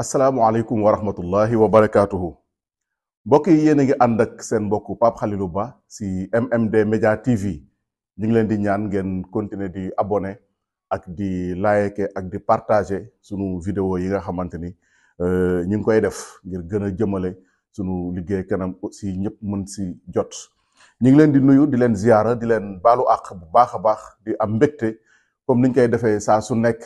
Assalamualaikum warahmatullahi wabarakatuh. wa barakaatuhu mbokk yi yene ngi ànd ak seen mbokku Khalilou Ba si MMD Media TV ñu ngi leen di ñaan ngeen continuer di abonner ak di like ak di partager sunu vidéo yi nga xamanteni euh ñu ngi koy def ngir gëna jëmele sunu liggéey kanam si ñepp mën si jot ñu ngi leen di nuyu di leen ziarra di leen balu ak bu baax baax di am mbekté comme niñ koy défé sa su nek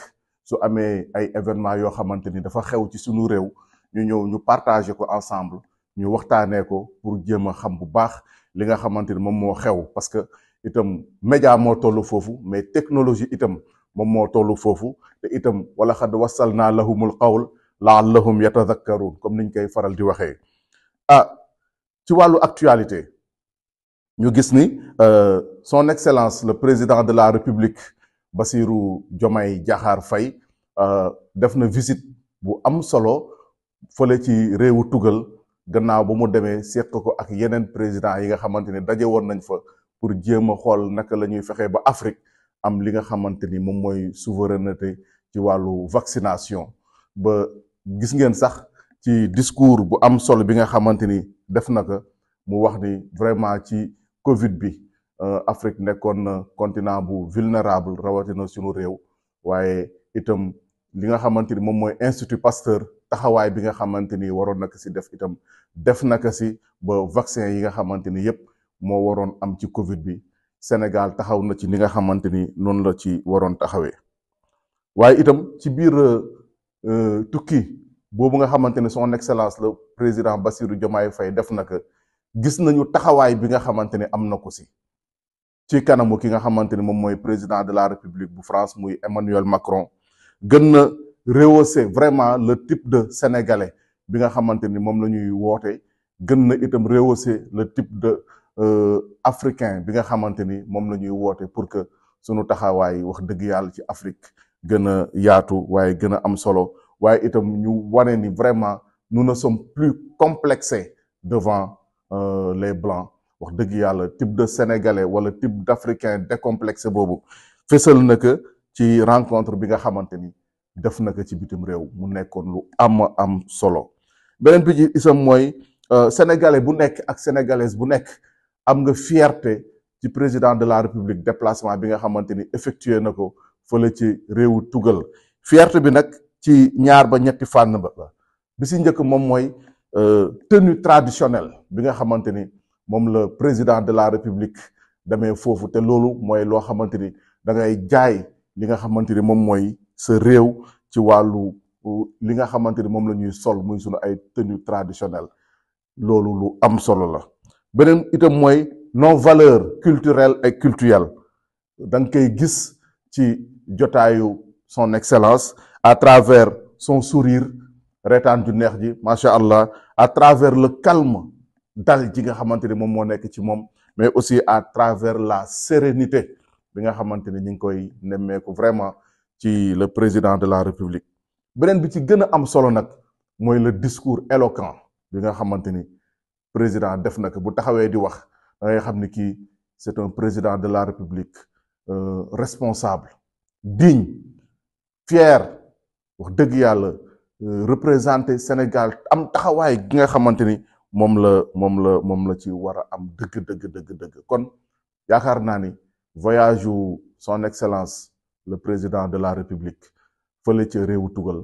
su amee ay événement yoo xamante ni dafa xew ci sunu réew ñu ñëw ñu partager ko ensemble ñu waxtaanee ko pour jéem a xam bu baax li nga xamante ni moom moo xew parce que itam média moo toll foofu mais technologie itam moom moo toll foofu te itam wala xad wasalna lahumul qawl laallahum yatadakkaruun comme niñ koy faral di waxee ah ci wàllu actualité ñu gis ni euh, son excellence le président de la république Bassirou Diomaye Diakhar Faye euh, def na visite bu am solo fole ci réewu tugal gannaaw ba mu demee seq ko ak yeneen président yi nga xamante ne daje woon nañ fa pour jéem a xool naka la ñuy fexee ba Afrique am li nga xamante ni moom mooy souveraineté ci wàllu vaccination ba gis ngeen sax ci discours bu am solo bi nga xamante ni def na ko mu wax ni vraiment ci Covid bi Euh, Afrique nekkoon na continent bu vulnérable rawatina sunu réew waaye itam li nga xamante ni moom mooy Institut Pasteur taxawaay bi nga xamante ni waroon na ko si def itam def na ko si ba vaccin yi nga xamante ni yëpp moo waroon am ci Covid bi Sénégal taxaw na ci ni nga xamante ni noonu la ci waroon taxawee waaye itam ci biir euh, euh, tukki boobu nga xamante ni son excellence la président Bassirou Diomaye fay def na ko gis nañu taxawaay bi nga xamante ni am na ko si. ci kanamu ki nga xamanteni mom moy président de la république bu France muy Emmanuel Macron gën na rehausser vraiment le type de sénégalais bi nga xamanteni mom lañuy woté ñuy gën na itam rehausser le type de euh, africain bi nga xamanteni mom lañuy woté pour que sunu taxaway wax deug yàlla ci Afrique gëna a yaatu waaye gën am solo waye itam ñu wané ni vraiment nous ne sommes plus complexés devant euh, les blancs. wax dëgg yàlla type de sénégalais wala type d'africain décomplexé boobu fésal na ko ci rencontre bi nga xamante ni def na ko ci bitim réew mu nekkoon lu am am solo beneen bi ci isam mooy euh, sénégalais bu nekk ak sénégalaise bu nekk am nga fierté ci président de la république déplacement bi nga xamante ni effectué na ko fële ci réewu tugal fierté bi nag ci ñaar ba ñetti fànn ba bi si njëkk moom mooy euh, tenue traditionnel bi nga xamante ni moom le président de la république demee foofu te loolu da ngay jaay li nga sol muy sunu ay tenue traditionnelle lu am solo la nos et culturelles gis son excellence à travers son sourire reetaan ju neex ji à travers le calme dal gi nga xamanteni mom mo nek ci mom mais aussi à travers la sérénité bi nga xamanteni ni ngi koy nemmeeku vraiment ci le président de la république benen bi ci gëna am solo nak moy le discours éloquent bi nga xamanteni président def nak bu taxawé di wax da ngay xamni ki c'est un président de la république euh, responsable digne fier wax dëgg yàlla euh, représenter Sénégal am taxawaay gi nga xamanteni ni mom la mom la mom la ci wara a am deug deug deug deug kon ni voyage son excellence le président de la république fële ci rewou tougal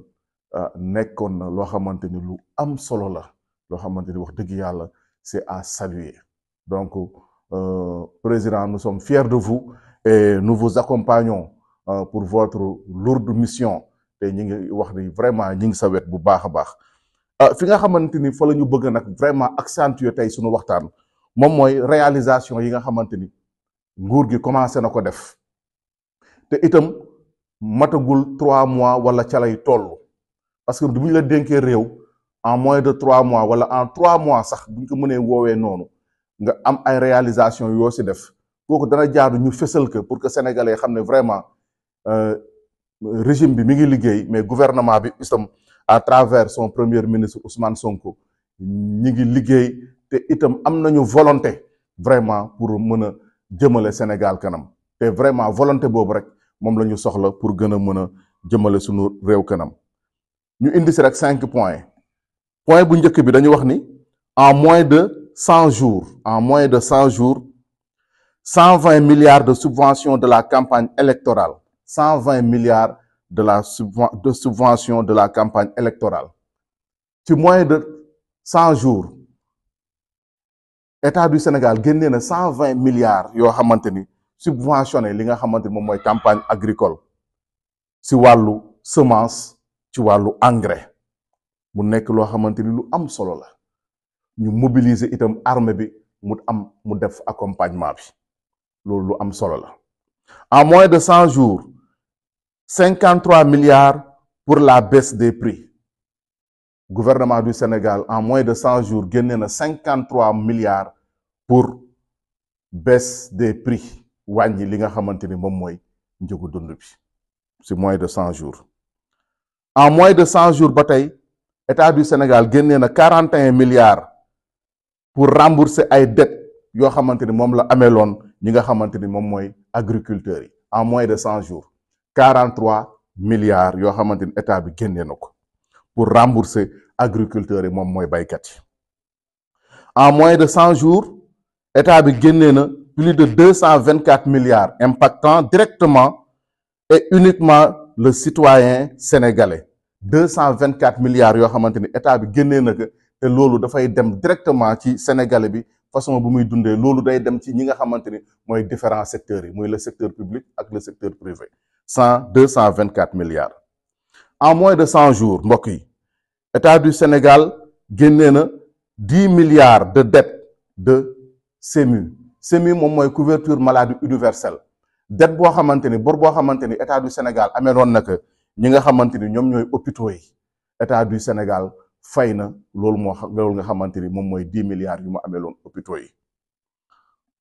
euh, nekkon na loo nous, lu am solo la lo xamanteni wax deug c'est à saluer donc euh, président nous sommes fiers de vous et nous vous accompagnons euh, pour votre lourde mission Et ñi ngi wax ni vraiment ñi ngi sa bu baax baax Euh, fi nga xamante ni fa la ñu bëgg nag vraiment accentuer tey suñu waxtaan moom mooy réalisation yi nga xamante ni nguur gi commencé na ko def te itam matagul trois mois wala calay lay toll parce que du ñu la denkee réew en mois de trois mois wala en trois mois sax buñ ko mënee woowee noonu nga am ay réalisation yoo si def kooku dana jaadu ñu fësal ko pour que sénégalais xam ne vraiment euh, régime bi mi ngi liggéey mais gouvernement bi itam à travers son premier ministre Ousmane Sonko. Nous avons été et nous avons une volonté vraiment pour mener le Sénégal. C'est vraiment une volonté que nous pour mener le Sénégal. Nous avons 5 points. Point que nous avons dit, en moins de en moins de 100 jours, 120 milliards de subventions de la campagne électorale, 120 milliards de la de subvention de la campagne électorale Tu moins de 100 jours état du Sénégal a gagné 120 milliards yo xamanteni maintenu subventionné li nga xamanteni campagne agricole ci walu semences ci walu engrais mu nek lo xamanteni lu am solo la ñu mobiliser itam armée bi mu am mu def accompagnement bi lolu am solo en moins de 100 jours. 53 milliards pour la baisse des prix. Le gouvernement du Sénégal, en moins de 100 jours, gagné 53 milliards pour baisse des prix. C'est moins de 100 jours. en moins de 100 jours l'État du Sénégal a 41 milliards pour rembourser les dettes que en moins de 100 jours. 43 milliards yo xamanteni état bi pour rembourser agriculteurs et en moins de 100 jours état bi génnee na plus de 224 milliards impactant directement et uniquement le citoyen sénégalais 224 milliards yo xamanteni état bi génnee na lolu da directement ci sénégalais bi façon bu muy que lolu day dem ci ñi nga xamanteni moy différents secteurs yi le secteur public ak le secteur privé 100, milliards. En moins de 100 jours, Mokui, l'État du Sénégal a 10 milliards de dettes de CEMU. CEMU, c'est une couverture maladie universelle. Dette bo xamanteni bor bo état du sénégal amélon nak ñi nga xamanteni ñom ñoy hôpitaux état du sénégal fayna lool mo lool nga xamanteni mom moy 10 milliards yu mu amélon hôpitaux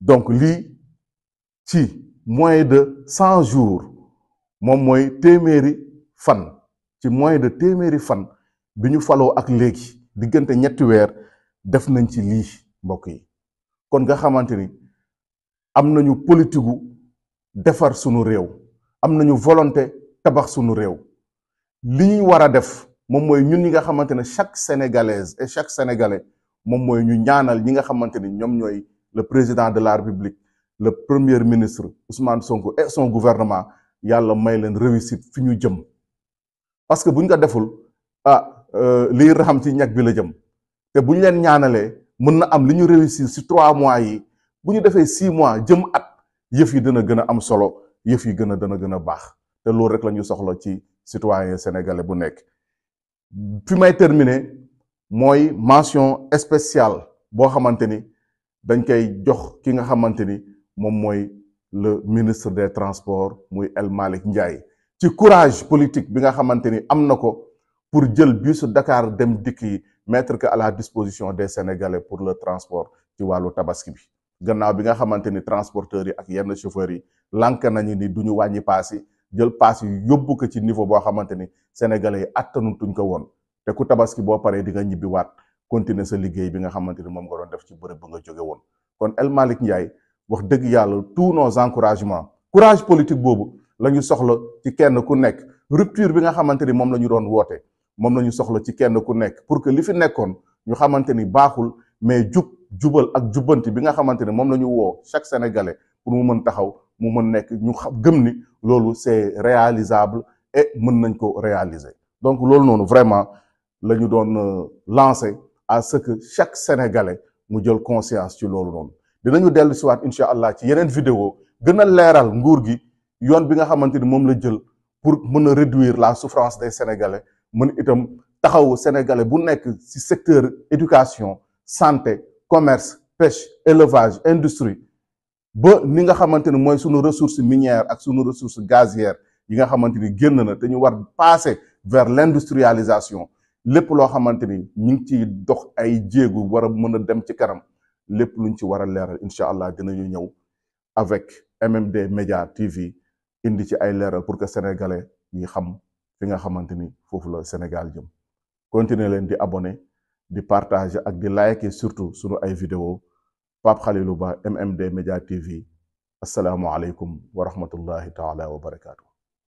donc li ci moins de 100 jours moom mooy téeméeri fan ci moins de téeméeri fan bi ñu faloo ak léegi diggante ñetti weer def nañ ci lii mbokk yi kon nga xamante ni am nañu politigu defar sunu réew am nañu volonté tabax sunu réew li ñuy war a def moom mooy ñun ñi nga xamante ne chaque sénégalaise chaque sénégalais moom mooy ñu ñaanal ñi nga xamante ni ñoom ñooy le président de la république le premier ministre Ousmane Sonko et son gouvernement yàlla may leen réussite fi ñu jëm parce que bu ñu ko deful ah euh, lii raxam ci ñag bi la jëm te bu ñu leen ñaanalee mën na am li ñu réussir si trois mois yi bu ñu defee six mois jëm at yëf yi dana gën a am solo yëf yi gën a dana gën a baax te loolu rek la ñu soxla ci citoyen sénégalais bu nekk fi may terminer mooy mention spéciale boo xamante ni dañ koy jox ki nga xamante ni moom mooy le ministre des transports Mouy El Malik Ndiaye ci courage politique bi nga xamante pour Djel bus, Dakar dem mettre que à la disposition des Sénégalais pour le transport ci wàllu tabaski bi gannaaw bi nga xamante ni transporteurs yi ak yenn chauffeur yi lank nañu ni du ñu wàññi paas yi jël paas yi yóbbu ko ci niveau boo xamante ni Sénégalais yi tuñ ko woon te ku tabaski boo paree di nga ñibbi waat continuer sa liggéey bi nga xamante ni moom nga doon def ci bërëb ba nga jóge woon kon El Malik Ndiaye wax deug yalla tous nos encouragements courage politique bobu lañu ñu soxla ci kenn ku nek rupture bi nga xamanteni mom lañu la ñu doon woote moom la soxla ci kenn ku nek pour que li fi nekkoon ñu xamanteni ni mais jub jubal ak jubbanti bi nga xamanteni mom lañu wo chaque sénégalais pour mu mën taxaw mu mën nek ñu gëm ni c'est réalisable et mën nañ ko réaliser donc lolu noonu vraiment lañu ñu doon euh, lancer à ce que chaque sénégalais mu jël conscience ci lolu dinañu dellu siwaat incha allah ci yeneen video gën a leeral nguur gi yoon bi nga xamante ni moom la jël pour mën a réduire la souffrance des sénégalais mën itam taxawu sénégalais bu nekk ci secteur éducation santé commerce pêche élevage industrie ba ni nga xamante ni mooy sunu ressource minière ak sunu ressource gazière yi nga xamante ni génn na te ñu war passer vers l'industrialisation lépp loo xamante ni ñu ngi ciy dox ay jéegu war mën a dem ci kanam Les luñ ci war avec MMD Media TV indi ci ay pour que sénégalais ñi xam fi nga Sénégal jëm di partager ak liker surtout ay vidéo Pape MMD Media TV alaykum wa rahmatullahi taala wa barakatuh.